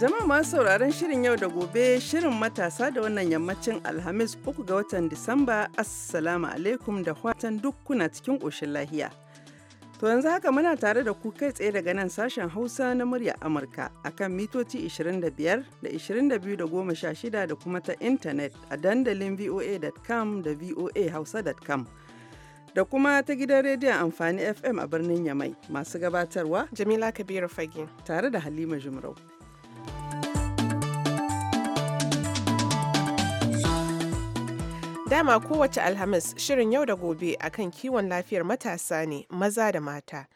Jama'a masu sauraron shirin yau da gobe shirin matasa da wannan yammacin Alhamis 3 ga watan Disamba Assalamu alaikum da fatan duk kuna cikin ƙoshin lahiya. To yanzu haka muna tare da ku kai tsaye daga nan sashen Hausa na murya Amurka akan mitoci 25 da 22 da 16 da kuma ta intanet a dandalin voa.com da voahausa.com. da kuma ta gidan rediyon amfani FM a birnin Yamai masu gabatarwa Jamila Kabiru Fage tare da Halima Jumrau. Dama kowace Alhamis shirin yau da gobe akan kiwon lafiyar matasa ne maza da mata.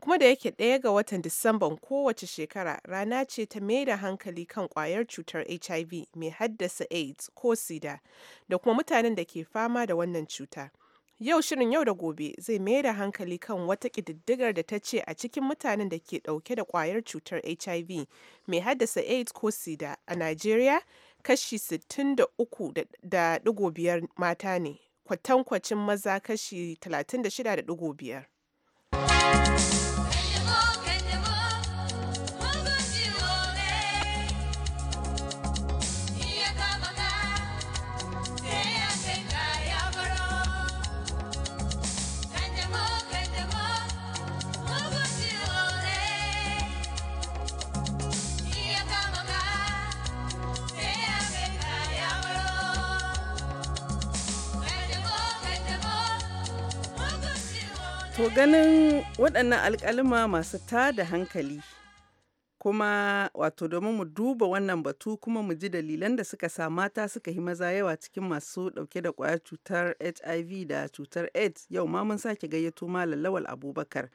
Kuma da yake ɗaya ga watan Disamban kowace shekara rana ce ta mai da hankali kan ƙwayar cutar HIV mai haddasa AIDS ko SIDA da kuma mutanen da ke fama da wannan cuta. Yau shirin yau da gobe zai mai da hankali kan wata ƙididdigar da ta ce a cikin mutanen da ke ɗauke da ƙwayar cutar HIV mai haddasa AIDS ko SIDA a Najeriya kashi 63.5 mata ne, kwatankwacin maza kashi 36.5. To ganin waɗannan alƙalima masu tada hankali kuma wato domin mu duba wannan batu kuma mu ji dalilan da suka sa mata suka yi maza yawa cikin masu ɗauke da ƙwayar cutar HIV da cutar AIDS yau ma mun sake gayyato Malam Lawal Abubakar.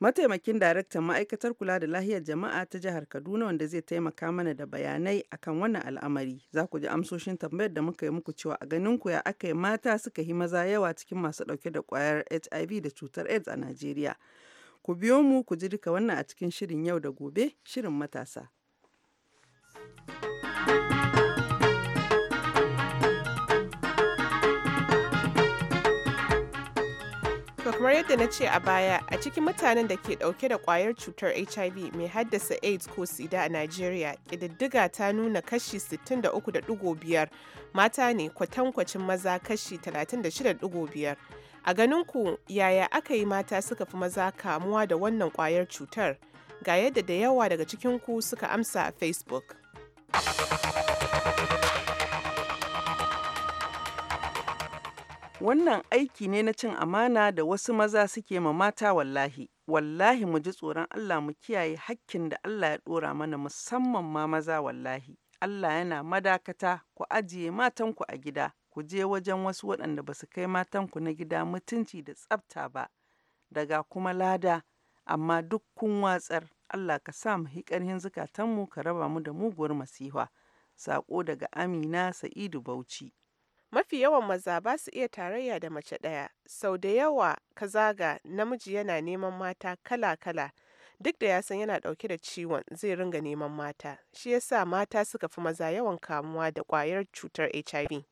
mataimakin daraktan ma'aikatar kula da lahiyar jama'a ta jihar kaduna wanda zai taimaka mana da bayanai akan wannan al'amari za ku ji amsoshin tambayar da muka yi muku cewa a ganin ku ya aka yi mata suka yi maza yawa cikin masu dauke da kwayar hiv da cutar aids a najeriya ku biyo mu ku ji duka wannan a cikin shirin yau da gobe shirin matasa. To kamar yadda na ce a baya a cikin mutanen da ke dauke da kwayar cutar HIV mai haddasa AIDS ko sida a Najeriya, ƙididdiga ta nuna kashi 63.5 mata ne kwatankwacin maza kashi 36.5. A ganin ku yaya aka yi mata suka fi maza kamuwa da wannan kwayar cutar? Ga yadda da yawa daga cikin ku suka amsa a Facebook. Wannan aiki ne na cin amana da wasu maza suke ma mata wallahi. Wallahi mu ji tsoron Allah mu kiyaye hakkin da Allah ya ɗora mana musamman ma maza wallahi. Allah yana madakata ku ajiye matanku a gida, ku je wajen wasu waɗanda ba su kai matanku na gida mutunci da tsabta ba, daga kuma lada, amma duk kun watsar. Allah ka sa mu hi ƙarhin zukatanmu ka raba mu da muguwar masiha. Sako daga Amina Sa'idu Bauchi. Mafi yawan maza ba su iya tarayya da mace ɗaya, sau da yawa ka zaga namiji yana neman mata kala-kala duk da ya san yana ɗauke da ciwon zai ringa neman mata, shi ya sa mata suka fi maza yawan kamuwa da ƙwayar cutar HIV.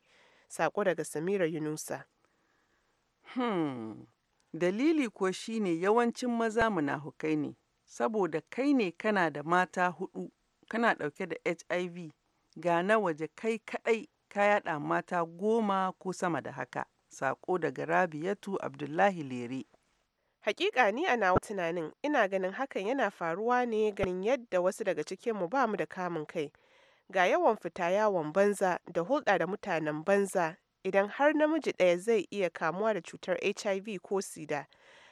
Saƙo daga Samira Yunusa. Hmm, dalili ko shi ne yawancin maza munafukai ne, saboda kai ne kana da mata huɗu, kana ɗauke da HIV, ga na waje kai kaɗai ka yaɗa mata goma ko sama da haka. Sako daga Rabiatu Abdullahi Lere. Hakika ni a nawa tunanin ina ganin hakan yana faruwa ne ganin yadda wasu daga cikinmu ba mu da kamun kai. Ga yawan fita yawon banza da hulɗa da mutanen banza idan har namiji ɗaya zai iya kamuwa da cutar HIV ko sida,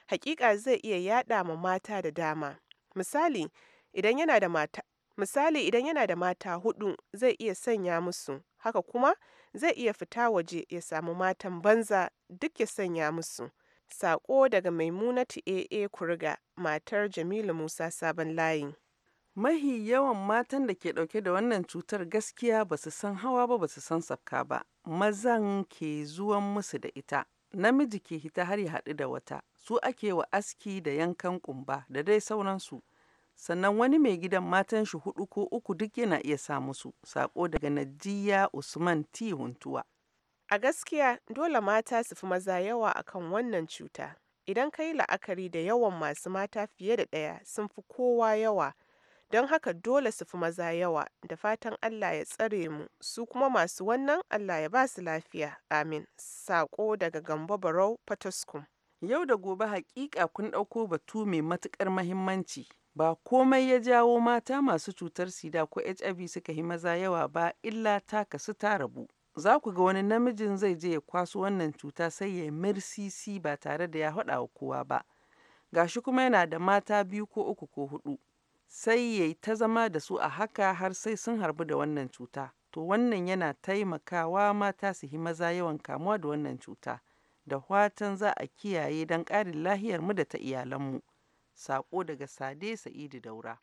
hakika zai iya yaɗa ma mata da dama. Misali, idan yana da mata, Misali idan yana da mata hudu zai iya sanya musu, haka kuma zai iya fita waje ya samu matan banza duk ya sanya musu. Saƙo daga Maimunatu AA Kurga, matar Jamilu Musa Sabon Layi. Mahi yawan matan da ke ɗauke da wannan cutar gaskiya ba su san hawa ba ba su san safka ba, mazan ke zuwan musu da ita, namiji ke hita har ya haɗu da wata, su ake wa aski da yankan ƙumba da dai sauransu. sannan wani mai gidan matan shi hudu ko uku duk yana iya sa musu sako daga Najiya Usman T Huntuwa. A gaskiya dole mata su fi maza yawa akan wannan cuta. Idan ka yi la'akari da yawan masu mata fiye da ɗaya sun fi kowa yawa, don haka dole su fi maza yawa da fatan Allah ya tsare mu su kuma masu wannan Allah ya ba su lafiya. Amin. Sako daga Gambo Barau Fataskum. Yau da gobe hakika kun ɗauko batu mai matuƙar mahimmanci Ba komai ya jawo mata masu cutar sida ko HIV suka yi maza yawa ba illa ta kasu ta rabu. Za ku ga wani namijin zai je ya kwaso wannan cuta sai ya mirsisi ba tare da ya haɗa wa kowa ba. Gashi kuma yana da mata biyu ko uku ko hudu, Sai ya yi ta zama da su a haka har sai sun harbu da wannan cuta. To wannan yana taimakawa mata su yi maza yawan kamuwa da wannan cuta. Da watan za a kiyaye don ƙarin lahiyarmu da ta iyalanmu. Sako daga Sade Sa'idu Daura.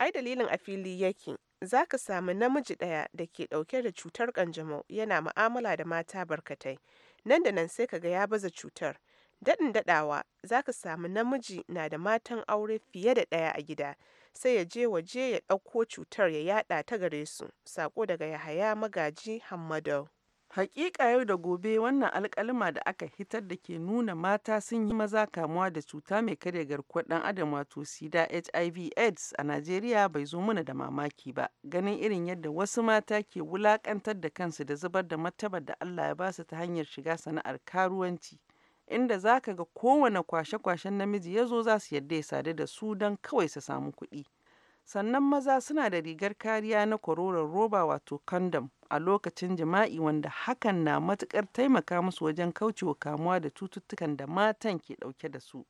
Ai dalilin a fili yake, za ka samu namiji ɗaya da ke ɗauke da cutar ƙanjamau yana mu'amala da mata barkatai, nan da nan sai ka ga ya baza cutar. Daɗin daɗawa za ka samu namiji na da matan aure fiye da ɗaya a gida, sai ya je waje ya ɗauko cutar ya yaɗa ta gare su, saƙo daga Yahaya Magaji Hammadau. Haƙiƙa yau da gobe wannan alkalima da aka hitar da ke nuna mata sun yi maza kamuwa da cuta mai karya garkuwar ɗan adam wato sida HIV/AIDS a Najeriya bai zo mana da mamaki ba, ganin irin yadda wasu mata ke wulaƙantar da kansu da zubar da martabar da Allah ya basu ta hanyar shiga sana'ar karuwanci, inda za ka ga kowane kwashe-kwashen namiji ya zo za su yadda ya sadu da su don kawai su samu kuɗi. Sannan maza suna da rigar kariya na kwaroron roba wato kandam a lokacin jima'i wanda hakan na matukar taimaka musu wajen kaucewa kamuwa da cututtukan da matan ke ɗauke da su.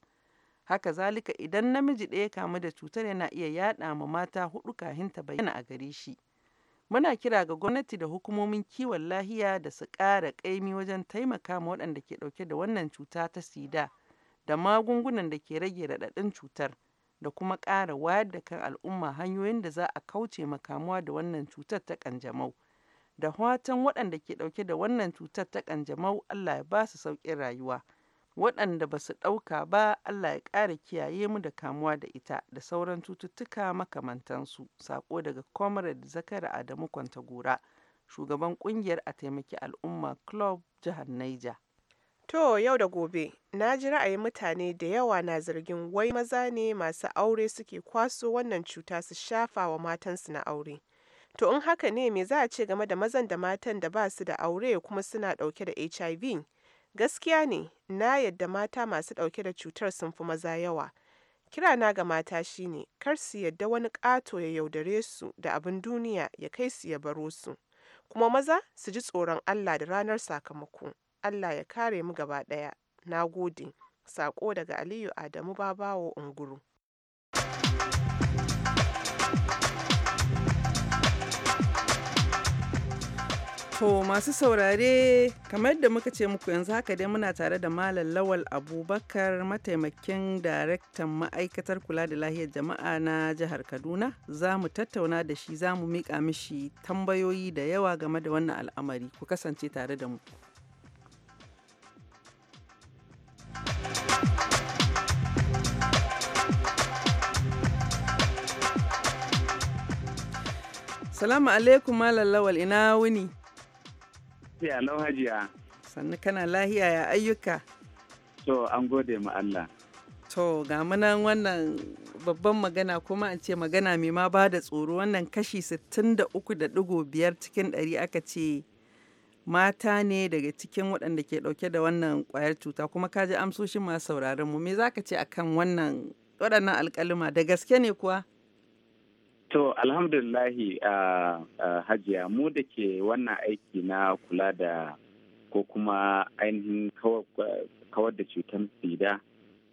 Haka zalika idan namiji ɗaya kamu da cutar yana iya yaɗa ma mata huɗu kahin ta bayyana a gare shi. Muna kira ga gwamnati da hukumomin kiwon lahiya da su ƙara ƙaimi wajen taimaka ma waɗanda ke ɗauke da wannan cuta ta sida da magungunan da ke rage raɗaɗin cutar. da kuma ƙara wayar da kan al'umma hanyoyin da za a kauce ma kamuwa da wannan cutar ta ƙanjamau. Da watan waɗanda ke ɗauke da wannan cutar ta ƙanjamau Allah ya ba su sauƙin rayuwa. Waɗanda ba su ɗauka ba Allah ya ƙara kiyaye mu da kamuwa da ita da sauran cututtuka makamantansu. saƙo daga Comrade Zakari Adamu Kwantagora, shugaban ƙungiyar a taimaki al'umma Club Jihar Niger. To yau da gobe, na ji ra'ayin mutane da yawa na zargin wai maza ne masu aure suke kwaso wannan cuta su shafa wa matansu na aure. To in haka ne me za a ce game da mazan da matan da ba su da aure kuma suna ɗauke da HIV? Gaskiya ne, na yadda mata masu ɗauke da cutar sun fi maza yawa. Kirana ga mata shi ne kar su yadda wani ƙato ya yaudare su da abin duniya ya kai su ya baro su, kuma maza su ji tsoron Allah da ranar sakamako. Allah ya kare mu gaba ɗaya. Na gode. Saƙo daga Aliyu Adamu Babawo Unguru. To masu saurare kamar da muka ce muku yanzu haka dai muna tare da Malam Lawal Abubakar mataimakin daraktan ma'aikatar kula da lahiyar jama'a na jihar Kaduna za mu tattauna da shi za mu miƙa mishi tambayoyi da yawa game da wannan al'amari ku kasance tare da mu. Salamu alaikum Malam Lawal ina wuni. Ya lau hajiya. Sannu kana lahiya ya ayyuka. To an gode ma Allah. To ga munan wannan babban magana kuma an ce magana mai ma ba da tsoro wannan kashi 63.5 cikin ɗari aka ce mata ne daga cikin waɗanda ke ɗauke da wannan ƙwayar cuta kuma ka ji amsoshin masu sauraron mu me za ka ce akan wannan waɗannan alƙaluma da gaske ne kuwa? To alhamdulillahi a hajiya mu da ke wannan aiki na kula da ko kuma ainihin kawar da cutar sida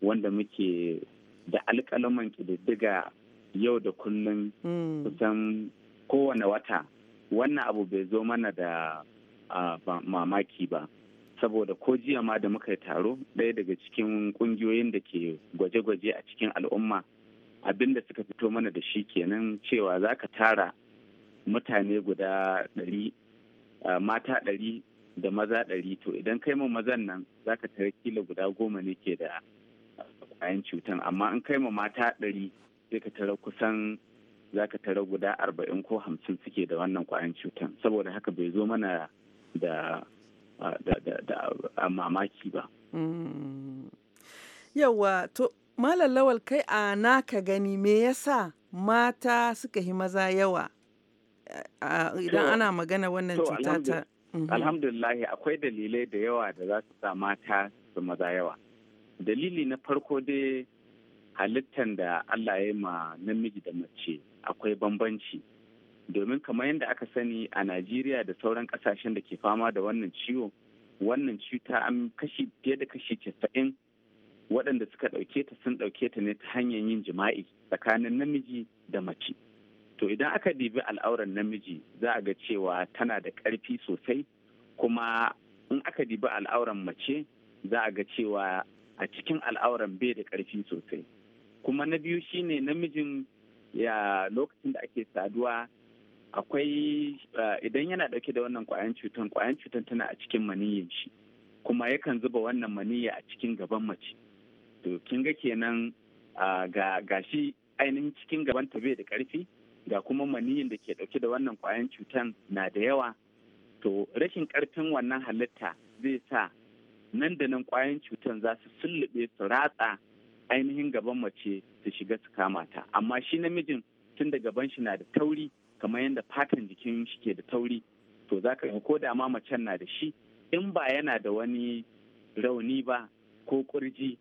wanda muke da alƙalaman ƙididdiga yau da kullum hmm. kusan kowane wata wannan abu bai zo mana da mamaki ba saboda ko jiya ma da muka yi taro ɗaya daga cikin ƙungiyoyin da ke gwaje-gwaje a cikin al'umma abin da suka fito mana da shi kenan cewa za ka tara mutane guda ɗari mata ɗari da maza ɗari to idan kai ma mazan nan za ka tara kila guda goma ne ke da kwayan cutan amma in kai ma mata ɗari sai ka tara kusan za ka tara guda arba'in ko hamsin suke da wannan kwayan cutan saboda haka bai zo mana da mamaki ba. Mm. Yawwa to Malam kai a naka gani me yasa mata suka yi maza yawa idan ana magana wannan cuta ta. Mhm. Alhamdulillah akwai dalilai da yawa da za su sa mata su maza yawa. Dalili na farko dai halittan da Allah ya ma namiji da mace akwai bambanci. Domin kamar yadda aka sani a Najeriya da sauran kasashen da ke fama da wannan ciwo, wannan cuta an kashi fiye da kashi casa'in waɗanda suka ɗauke ta sun ɗauke ta ne ta hanyar yin jima'i tsakanin namiji da mace to idan aka dibi al'auran namiji za a ga cewa tana da ƙarfi sosai kuma in aka dibi al'auran mace za a ga cewa a cikin al'auran bai da ƙarfi sosai kuma na biyu shine namijin ya lokacin da ake saduwa akwai eh, idan yana ɗauke da wannan ƙwayan cutan ƙwayan cutan tana a cikin maniyin shi kuma yakan zuba wannan maniyya a cikin gaban mace to kin ga kenan ga shi ainihin cikin gaban ta bai da karfi ga kuma maniyin da ke dauke da wannan kwayan cutan na da yawa to rashin karfin wannan halitta zai sa nan da nan kwayan cutan za su sullube su ratsa ainihin gaban mace su shiga su kama ta amma shi namijin tun da gaban shi na da tauri kamar yadda fatan jikin shi ke da tauri to za ka ko da ma macen na da shi in ba yana da wani rauni ba ko kurji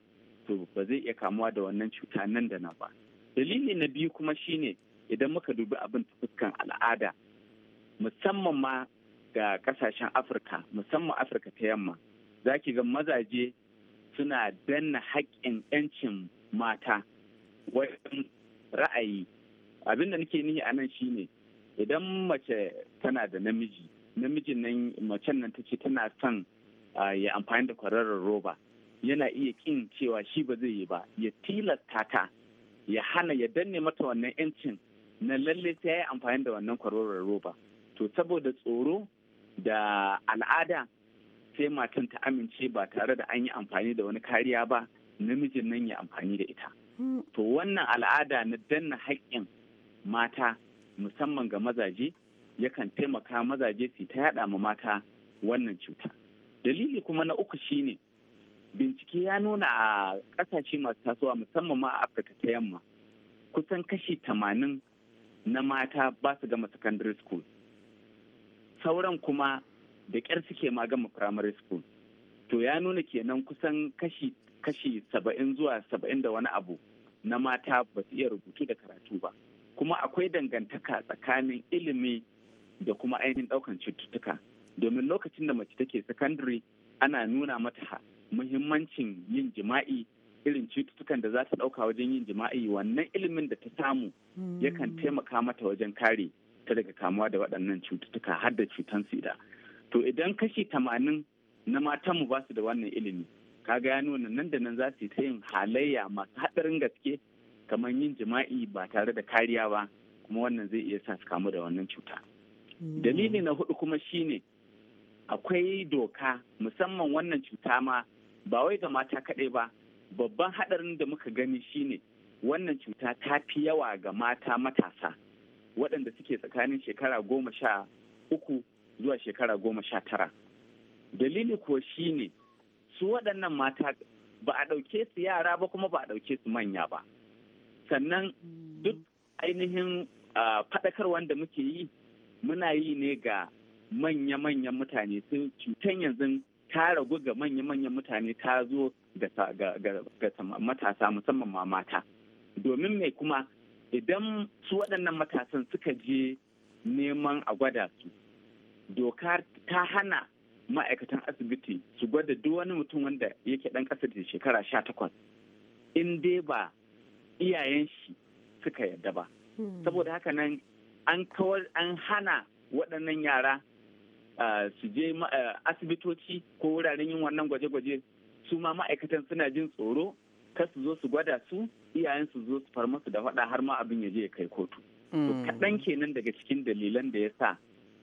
to ba zai iya kamuwa da wannan cuta nan da nan ba dalili na biyu kuma shine idan muka dubi abin ta al'ada musamman ma ga kasashen afirka musamman afirka ta yamma za ki ga mazaje suna danna haƙƙin 'yancin mata wajen ra'ayi abin da nake nihi a nan shine idan mace tana da namiji namijin nan macen nan ta ce tana son ah, ya amfani da kwararar roba yana iya kin cewa shi ba zai yi ba ya tilasta ta ya hana ya danne mata wannan yancin na lalle sai ya yi amfani da wannan kwaroron roba to saboda tsoro da al'ada sai matan ta amince ba tare da an yi amfani da wani kariya ba namijin nan ya amfani da ita hmm. to wannan al'ada na danna haƙƙin mata musamman ga mazaje yakan taimaka mazaje su ta yada ma mata wannan cuta dalili kuma na uku shine bincike ya nuna a kasashe masu tasowa musamman ma afirka ta yamma kusan kashi tamanin na mata ba su gama secondary school sauran kuma da ƙyar suke ma gama primary school to ya nuna kenan kusan kashi kashi saba'in zuwa saba'in da wani abu na mata ba su iya rubutu da karatu ba kuma akwai dangantaka tsakanin ilimi da kuma ainihin ɗaukan cututtuka domin lokacin da mace take secondary ana nuna mata muhimmancin yin jima'i irin cututtukan da za ta ɗauka wajen yin jima'i wannan ilimin da ta samu hmm. yakan taimaka mata wajen kare ta daga kamuwa da waɗannan cututtuka har da cutan sida to idan kashi tamanin na matanmu ba su da wannan ilimi kaga ya nuna nan da nan za su yi ta yin halayya masu haɗarin gaske kamar yin jima'i ba tare da kariya ba kuma wannan zai iya sa su kamu da wannan cuta hmm. dalili na hudu kuma shine akwai doka musamman wannan cuta ma ba wai ga mata kaɗai ba babban haɗarin da muka gani shine wannan cuta ta fi yawa ga mata matasa waɗanda suke tsakanin shekara goma sha uku zuwa shekara goma sha tara dalili kuwa shine su waɗannan mata ba a ɗauke su yara ba kuma ba a ɗauke su manya ba sannan duk ainihin ah, faɗakar da muke yi muna yi ne ga manya-manyan mutane sun cutan yanzu ta ragu ga manya-manyan mutane ta zo ga matasa musamman ma mata domin mai kuma idan su waɗannan matasan suka je neman a gwada su doka ta hana ma'aikatan asibiti su gwada duk wani mutum wanda yake ɗan ƙasa da shekara sha takwas in dai ba iyayen shi suka yarda ba hmm. saboda haka nan an an hana waɗannan yara su je asibitoci ko wuraren yin wannan gwaje-gwaje su ma ma'aikatan suna jin tsoro kar su zo su gwada su iyayen su zo su far musu da faɗa har ma abin ya je ya kai kotu. Mm. Kaɗan kenan daga cikin dalilan da ya sa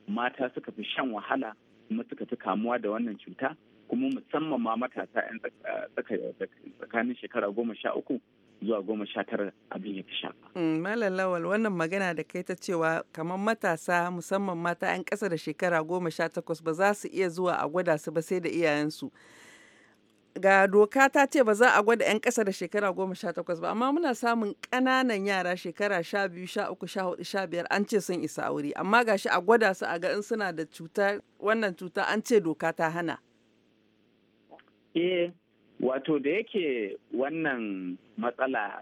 mata suka fi shan wahala kuma suka fi kamuwa da wannan cuta kuma musamman ma matasa 'yan tsakanin shekara goma sha uku zuwa goma sha tara abin ya fi sha. Mm, Malam Lawal wannan magana da kai ta cewa kamar matasa musamman mata 'yan ƙasa da shekara goma sha takwas ba za su iya zuwa a gwada su ba sai da iyayensu. Ga doka ta ce ba za a gwada 'yan ƙasa da shekara goma sha takwas ba amma muna samun ƙananan yara shekara sha biyu sha uku sha hudu sha biyar an ce sun isa aure amma ga shi a gwada su a ga in suna da cuta wannan cuta an ce doka ta hana. Eh, wato da yake wannan matsala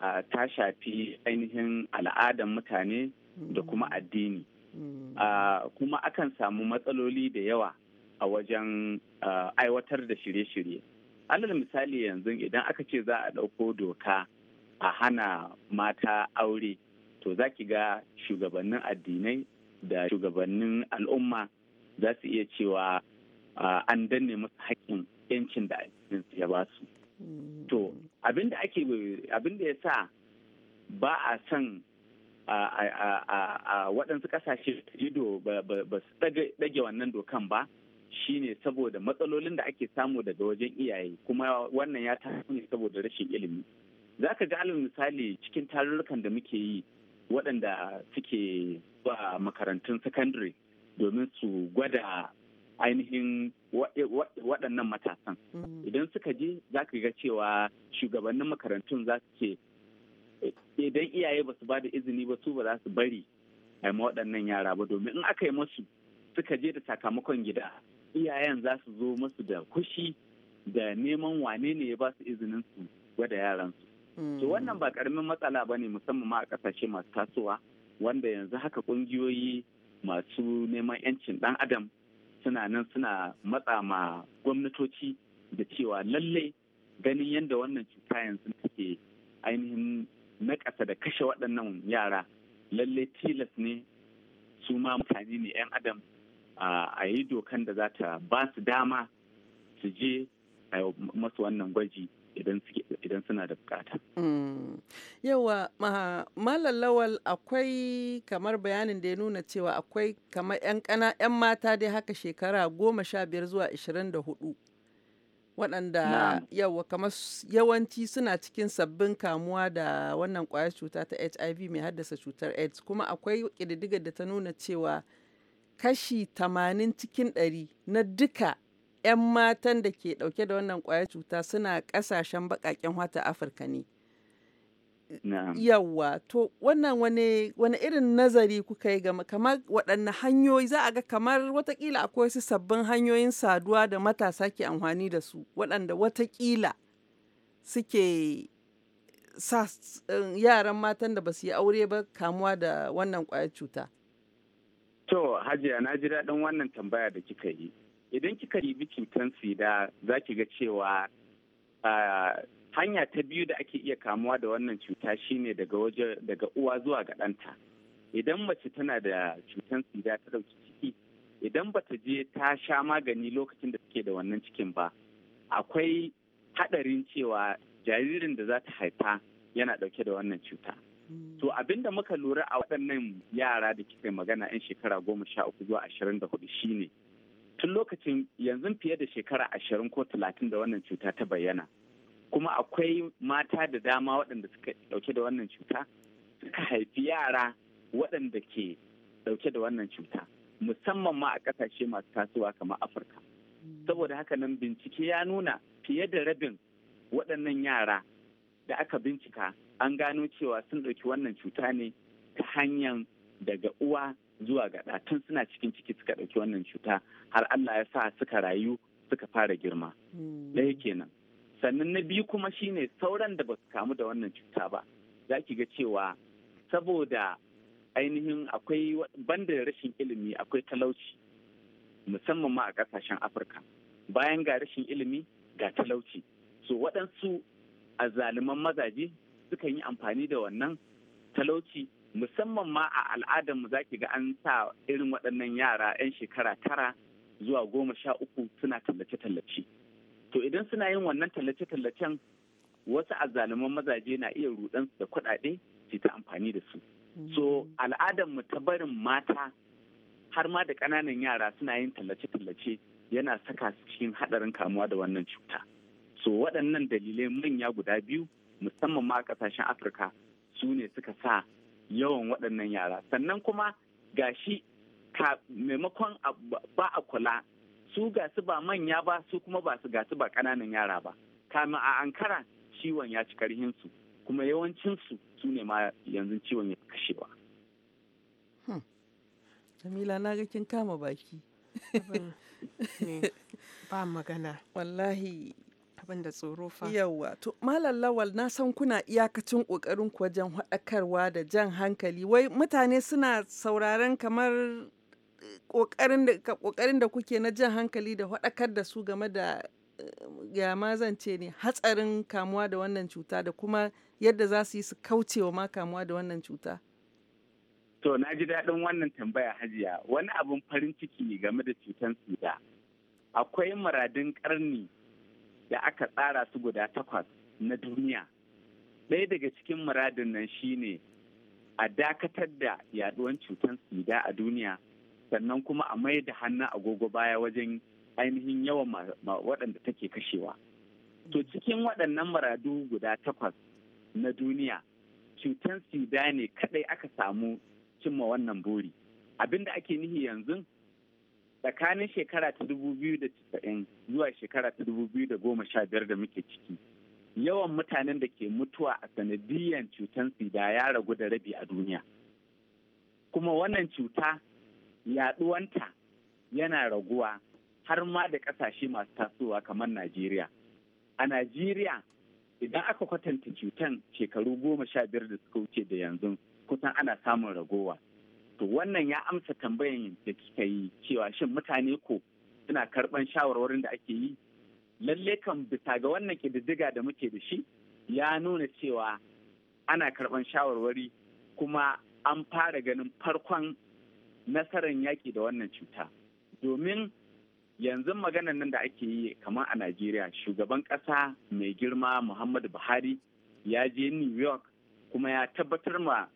ta shafi ainihin al'adan mutane da kuma addini mm. kuma akan samu matsaloli da yawa a wajen aiwatar da shirye-shirye alal misali yanzu idan aka ce za a ɗauko doka a hana mata aure to za ki ga shugabannin addinai da shugabannin al'umma za su iya cewa an danne musu haƙƙin yancin da ya ba su. To abin da ake ya sa ba a son a waɗansu ƙasashe ido ba su ɗage wannan dokan ba shi ne saboda matsalolin da ake samu daga wajen iyaye kuma wannan ya taso ne saboda rashin ilimi. Za ka ga alal misali cikin tarurrukan da muke yi waɗanda suke ba makarantun sakandare domin su gwada ainihin waɗannan matasan mm. idan suka je za ka ga cewa shugabannin makarantun za su ce eh, idan iyaye ba su ba da izini ba su ba za su bari a yi waɗannan yara ba domin in aka yi masu suka je da sakamakon gida iyayen za su zo masu da kushi da neman wane ne ya ba su izinin su gwada yaransu to mm. wannan ba karamin matsala ba ne musamman ma a ƙasashe masu tasowa wanda yanzu haka ƙungiyoyi masu neman 'yancin ɗan adam suna nan suna matsa ma gwamnatoci da cewa lallai ganin yadda wannan cuta yanzu take ainihin nakasa da kashe waɗannan yara lallai tilas ne su ma mutane ne 'yan adam a yi dokan da za ta ba su dama su je a masu wannan gwaji idan suna da bukata. Mm. Yawa malam lawal akwai kamar bayanin da ya nuna cewa akwai kamar 'yan kana 'yan mata dai haka shekara goma sha biyar zuwa ishirin da hudu. Waɗanda yawa kamar yawanci suna cikin sabbin kamuwa da wannan ƙwayar cuta ta HIV mai haddasa cutar AIDS kuma akwai ƙididdigar da ta nuna cewa kashi 80 cikin 100 na duka 'yan matan da ke dauke da wannan kwayar cuta suna kasashen bakaken wata afirka ne yawwa to wannan wani irin nazari kuka yi game kamar waɗanne hanyoyi za a ga kamar watakila akwai wasu sabbin hanyoyin saduwa da matasa ke amfani da su waɗanda watakila suke sa eh, yaran matan da ba su yi aure ba kamuwa da wannan kwayar cuta to hajiya na ji daɗin wannan tambaya da kika yi idan kika ribi cutan sida za ki ga cewa hanya ta biyu da ake iya kamuwa da wannan cuta shine daga waje daga uwa zuwa ga ɗanta idan mace tana da cutan sida ta ɗauki ciki idan ba ta je ta sha magani lokacin da suke da wannan cikin ba akwai haɗarin cewa jaririn da za ta haifa yana ɗauke da wannan cuta to abinda muka lura a waɗannan yara da kika magana 'yan shekara goma sha uku zuwa ashirin da hudu shine tun lokacin yanzu fiye da shekara ashirin ko talatin da wannan cuta ta bayyana kuma akwai mata da dama waɗanda suka ɗauke da wannan cuta suka haifi yara waɗanda ke ɗauke da wannan cuta musamman ma a ƙasashe masu tasowa kamar afirka mm. saboda haka nan bincike ya nuna fiye da rabin waɗannan yara da aka bincika an gano cewa sun ɗauki wannan cuta ne ta hanyar daga uwa zuwa gaɗa tun suna cikin ciki suka ɗauki wannan cuta har Allah ya sa suka rayu suka fara girma. Hmm. Ɗaya kenan. Sannan na biyu kuma shine sauran da ba su kamu da wannan cuta ba. Za ki ga cewa saboda ainihin akwai banda rashin ilimi akwai talauci musamman ma a ƙasashen Afirka. Bayan ga rashin ilimi ga talauci. So waɗansu a zaluman mazaje sukan yi amfani da wannan talauci musamman ma a al'adar mu zaki ga an sa irin waɗannan yara 'yan shekara tara zuwa goma sha uku suna tallace-tallace to idan suna yin wannan tallace-tallacen wasu azzaluman mazaje na iya rudansu da kuɗaɗe su ta amfani da su so al'adar mu ta barin mata har ma da ƙananan yara suna yin tallace-tallace yana saka su cikin haɗarin kamuwa da wannan cuta so waɗannan dalilai manya guda biyu musamman ma a ƙasashen afirka su ne suka sa yawan waɗannan yara sannan kuma gashi maimakon ba a kula su gasu ba manya ba su kuma ba su gasu ba ƙananan yara ba kama a ankara ciwon ya ci karhinsu kuma yawancinsu su ne ma yanzu ciwon ya kashe ba. Hmm. Jamila na ga kin kama baki. Ba magana. Wallahi ban tsoro fa Yawwa, to malam lawal na san kuna iyakacin kokarin ku wajen haɗakarwa da jan hankali wai mutane suna sauraron kamar kokarin eh, da kuke na jan hankali da haɗakar da su game da eh, ya zan ce ne hatsarin kamuwa da wannan cuta da kuma yadda za su yi su kaucewa ma kamuwa da wannan cuta To, na ji daɗin wannan tambaya hajiya wani abin farin ciki game da cutar suda. Akwai muradin ƙarni da aka tsara su guda takwas na duniya ɗaya daga cikin muradin nan shine a dakatar da yaduwan cutar sida a duniya sannan kuma a mai da hannun agogo baya wajen ainihin yawan waɗanda take kashewa to cikin waɗannan muradu guda takwas na duniya cutar sida ne kaɗai aka samu cimma wannan buri abinda ake nihi yanzu tsakanin shekara ta dubu biyu da casa'in zuwa shekara ta dubu biyu da goma sha biyar da muke ciki yawan mutanen da ke mutuwa a sanadiyan cutan sida ya ragu da rabi a duniya kuma wannan cuta yaduwanta yana raguwa har ma da ƙasashe masu tasowa kamar najeriya a najeriya idan aka kwatanta cutan shekaru goma sha biyar da suka wuce da yanzu kusan ana samun ragowa to wannan ya amsa tambayan da kika yi cewa shin mutane ko suna karban shawarwarin da ake yi lalle kan bisa ga wannan kididdiga da muke da shi ya nuna cewa ana karban shawarwari kuma an fara ganin farkon nasarar yaƙi da wannan cuta domin yanzu maganan nan da ake yi kamar a najeriya shugaban ƙasa mai girma muhammadu buhari ya je new york kuma ya tabbatar ma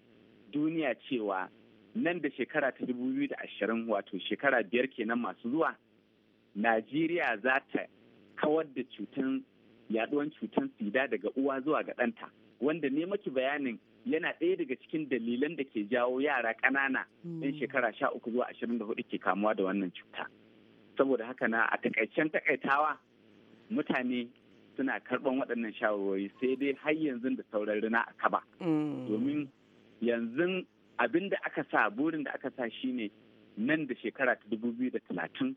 duniya cewa nan da shekara ta dubu biyu wato shekara biyar kenan masu zuwa najeriya za ta kawar da cutan yaduwan cutan sida daga uwa zuwa ga ɗanta wanda ne maki bayanin yana ɗaya daga cikin dalilan da ke jawo yara ƙanana hmm. ɗan shekara sha uku zuwa ashirin da hudu ke kamuwa da wannan cuta saboda haka na a takaicen takaitawa mutane suna karɓan waɗannan shawarwari sai dai har yanzu da sauran rina a kaba hmm. domin yanzu abin da aka sa burin da aka sa shine nan da shekara ta dubu biyu da talatin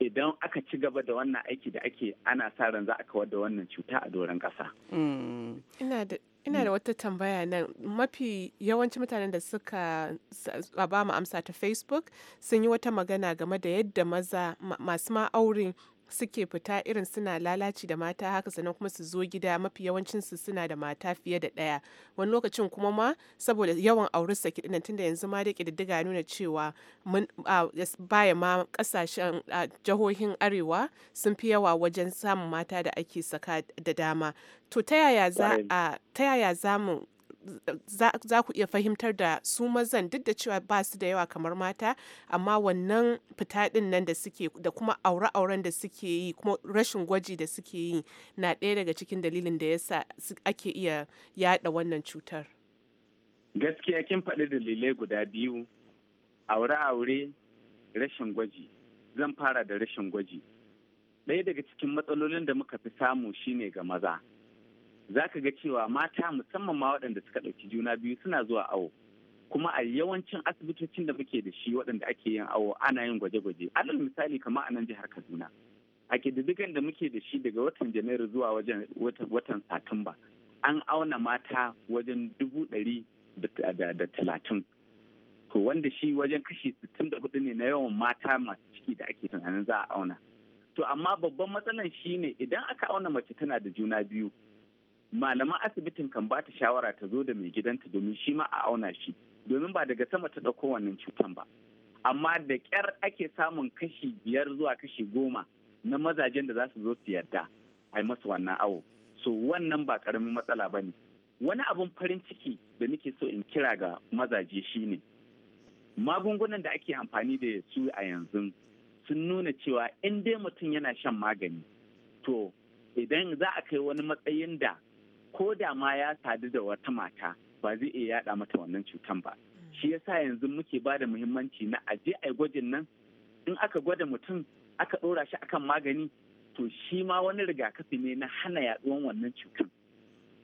idan aka ci gaba da wannan aiki da ake ana sa ran za a kawar da wannan cuta a doron kasa. Hmm. ina da wata tambaya nan mafi yawanci mutanen da suka ba mu amsa ta facebook sun yi wata magana game da yadda maza masu ma suke fita irin suna lalaci da mata haka sannan kuma su zo gida mafi yawancin su suna da mata fiye da ɗaya wani lokacin kuma ma saboda yawan auri saki tun tunda yanzu ma da ƙididdiga nuna cewa baya ma kasashen jihohin arewa sun fi yawa wajen samun mata da ake saka da dama to ta yaya za mu za ku iya fahimtar da su mazan duk da cewa ba su da yawa kamar mata amma wannan fita nan da suke da kuma aure-auren da suke yi kuma rashin gwaji da suke yi na ɗaya daga cikin dalilin da yasa ake iya yada wannan cutar gaskiya kin faɗi dalilai guda biyu aure-aure rashin gwaji zan fara da rashin gwaji ɗaya daga cikin matsalolin da muka fi samu shine ga maza za ka ga cewa mata musamman ma waɗanda suka ɗauki juna biyu suna zuwa awo kuma a yawancin asibitocin da muke da shi waɗanda ake yin awo ana yin gwaje-gwaje alal misali kamar a nan jihar kaduna a ƙididdigan da muke da shi daga watan janairu zuwa wajen watan satumba an auna mata wajen dubu ɗari da talatin to wanda shi wajen kashi sittin da hudu ne na yawan mata masu ciki da ake tunanin za a auna to amma babban matsalan shine idan aka auna mace tana da juna biyu malaman asibitin kan ba ta shawara ta zo da mai gidanta domin shi ma a auna shi domin ba daga sama ta ɗauko wannan cutan ba amma da ƙyar ake samun kashi biyar zuwa kashi goma na mazajen da za su zo su yarda a yi masu wannan awo so wannan ba karamin matsala ba ne wani abun farin ciki da nake so in kira ga mazaje shine magungunan da ake amfani da su a yanzu sun nuna cewa in dai mutum yana shan magani to idan za a kai wani matsayin da ko da ma ya sadu da wata mata ba zai iya yada mata wannan cutan ba mm. shi yasa yanzu muke ba da muhimmanci na aje ai gwajin nan in aka gwada mutum aka dora shi akan magani to shi ma wani rigakafi ne na hana yaduwan wannan cutan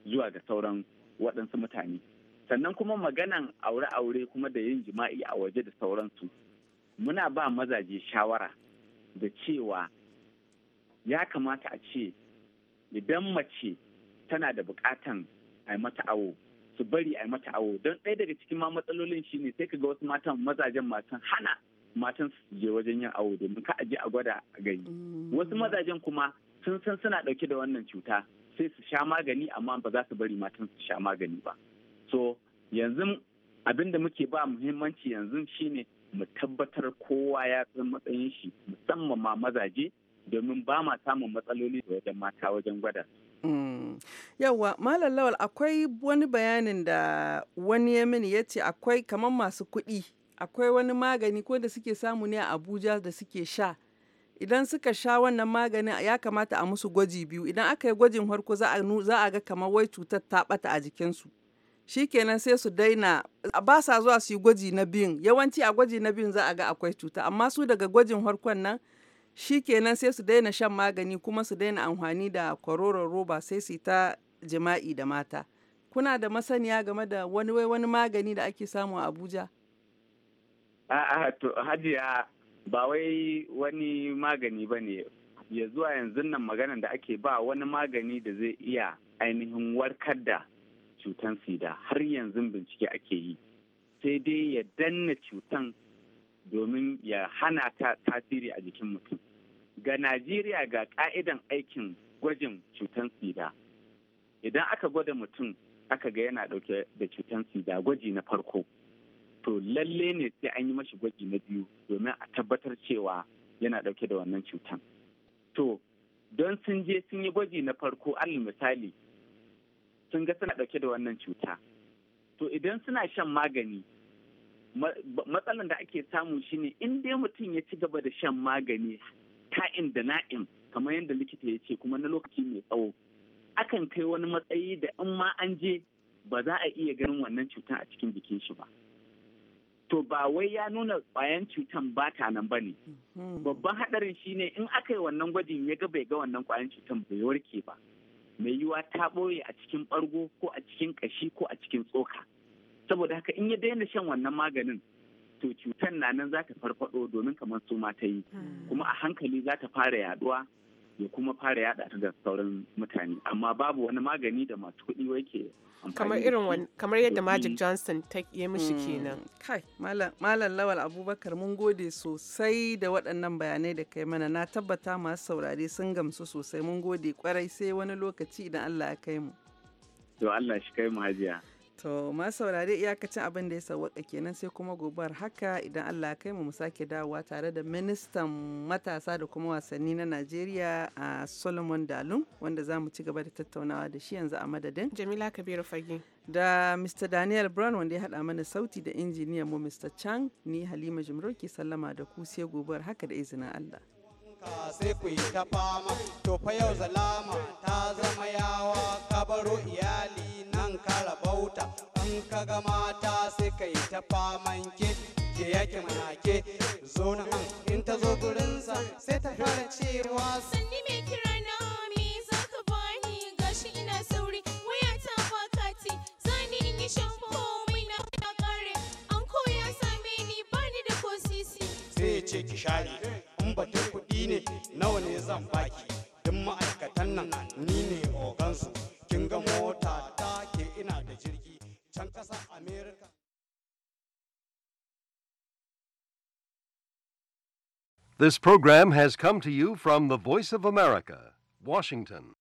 zuwa ga sauran waɗansu mutane sannan kuma maganan aure-aure kuma da yin jima'i a waje da sauransu muna ba mazaje shawara da cewa ya kamata a ce idan mace tana da bukatan a yi mata awo su bari a yi mata awo don ɗaya daga cikin ma matsalolin ne sai ka ga wasu matan mazajen matan hana matan su je wajen yin awo domin ka aje a gwada a gani mm. wasu mazajen kuma sun san suna ɗauke da wannan cuta sai su sha magani amma ba za su bari matan su sha magani ba so yanzu abin da muke ba muhimmanci yanzu shine mu tabbatar kowa ya san matsayin shi musamman ma mazaje domin ba ma samun matsaloli wajen mata wajen gwada su Mm. Malam Lawal akwai wani bayanin da wani ya mini ya ce akwai kamar masu kuɗi, akwai wani magani ko da suke samu ne a Abuja da suke sha. Idan suka sha wannan magani ya kamata a musu gwaji biyu, idan aka yi gwajin harko za a ga kamar wai cutar ta ɓata a jikinsu. Shi kenan sai su daina ba sa zuwa su yi gwaji na biyun yawanci a gwaji na biyun za a ga akwai cuta amma su daga gwajin harkon nan shi kenan sai su daina shan magani kuma su daina amfani da kwaroron roba sai su ta jima'i da mata kuna da masaniya game da wani wai wani magani da ake samu a abuja a'a hajiya ba wai wani magani ba ne ya zuwa yanzu nan maganan da ake ba wani magani da zai iya ainihin warkar da cutan sida har yanzu bincike ake yi sai dai ya danna cutan domin ya hana tasiri a jikin mutum ga najeriya ga ka'idan aikin gwajin cutan sida idan aka gwada mutum aka ga yana dauke da cutan sida gwaji na farko to lalle ne sai an yi mashi gwaji na biyu domin a tabbatar cewa yana dauke da wannan cutan to don sun je sun yi gwaji na farko alal misali sun ga suna dauke da wannan cuta to idan suna shan magani matsalan da ake samu shine in dai mutum ya ci gaba da shan magani na'in da na'in kamar yadda likita ya ce kuma na lokaci mai tsawo akan kai wani matsayi da in ma an je ba za a iya ganin wannan cutar a cikin jikin shi ba to ba wai ya nuna kwayan cutar ba ta nan ba ne mm-hmm. babban hadarin ne in aka yi wannan gwajin ya ga bai ga wannan kwayan cutar bai warke ba mai yiwuwa ta ɓoye a cikin ɓargo ko a cikin ƙashi ko a cikin tsoka saboda haka in ya daina shan wannan maganin to cutar na nan za ta farfado domin kamar su ma ta yi hmm. kuma a hankali za ta fara yaduwa ya kuma fara yada ta ga sauran mutane amma babu wani magani da masu kuɗi wai ke kamar irin kamar yadda magic johnson ta yi mishi hmm. kenan kai malam lawal abubakar mun gode sosai da waɗannan bayanai da kai mana na tabbata masu saurare sun gamsu sosai mun gode kwarai sai wani lokaci idan allah ya kai mu to allah shi kai mu hajiya To masu saurari iyakacin abin da ya sauwaka kenan sai kuma gobar haka idan Allah kai mu sake dawowa tare da ministan matasa da kuma wasanni na Najeriya a Solomon Dalum wanda za mu ci gaba da tattaunawa da shi yanzu a madadin. Jamila Kabiru Fage. Da Mr. Daniel Brown wanda ya haɗa mana sauti da injiniyan mu Mr. Chang ni Halima Jumroki sallama da ku sai gobar haka da izinin Allah. sai ku yi ta fama to fa yau zalama ta zama yawa ka baro iyali nan ka rabauta in ka ga mata sai ka yi ta faman ke ke yake manake zo na in ta zo gurinsa sai ta fara cewa sanni mai kira na za ka bani gashi ina sauri waya ta fakati zani in yi shampo mai na kare an koya same ni bani da kosisi sai ce ki shari ne zan baki ma'aikatan nan ni ne kin ga mota ta ke ina da jirgi can kasa america This program has come to you from the Voice of America, Washington.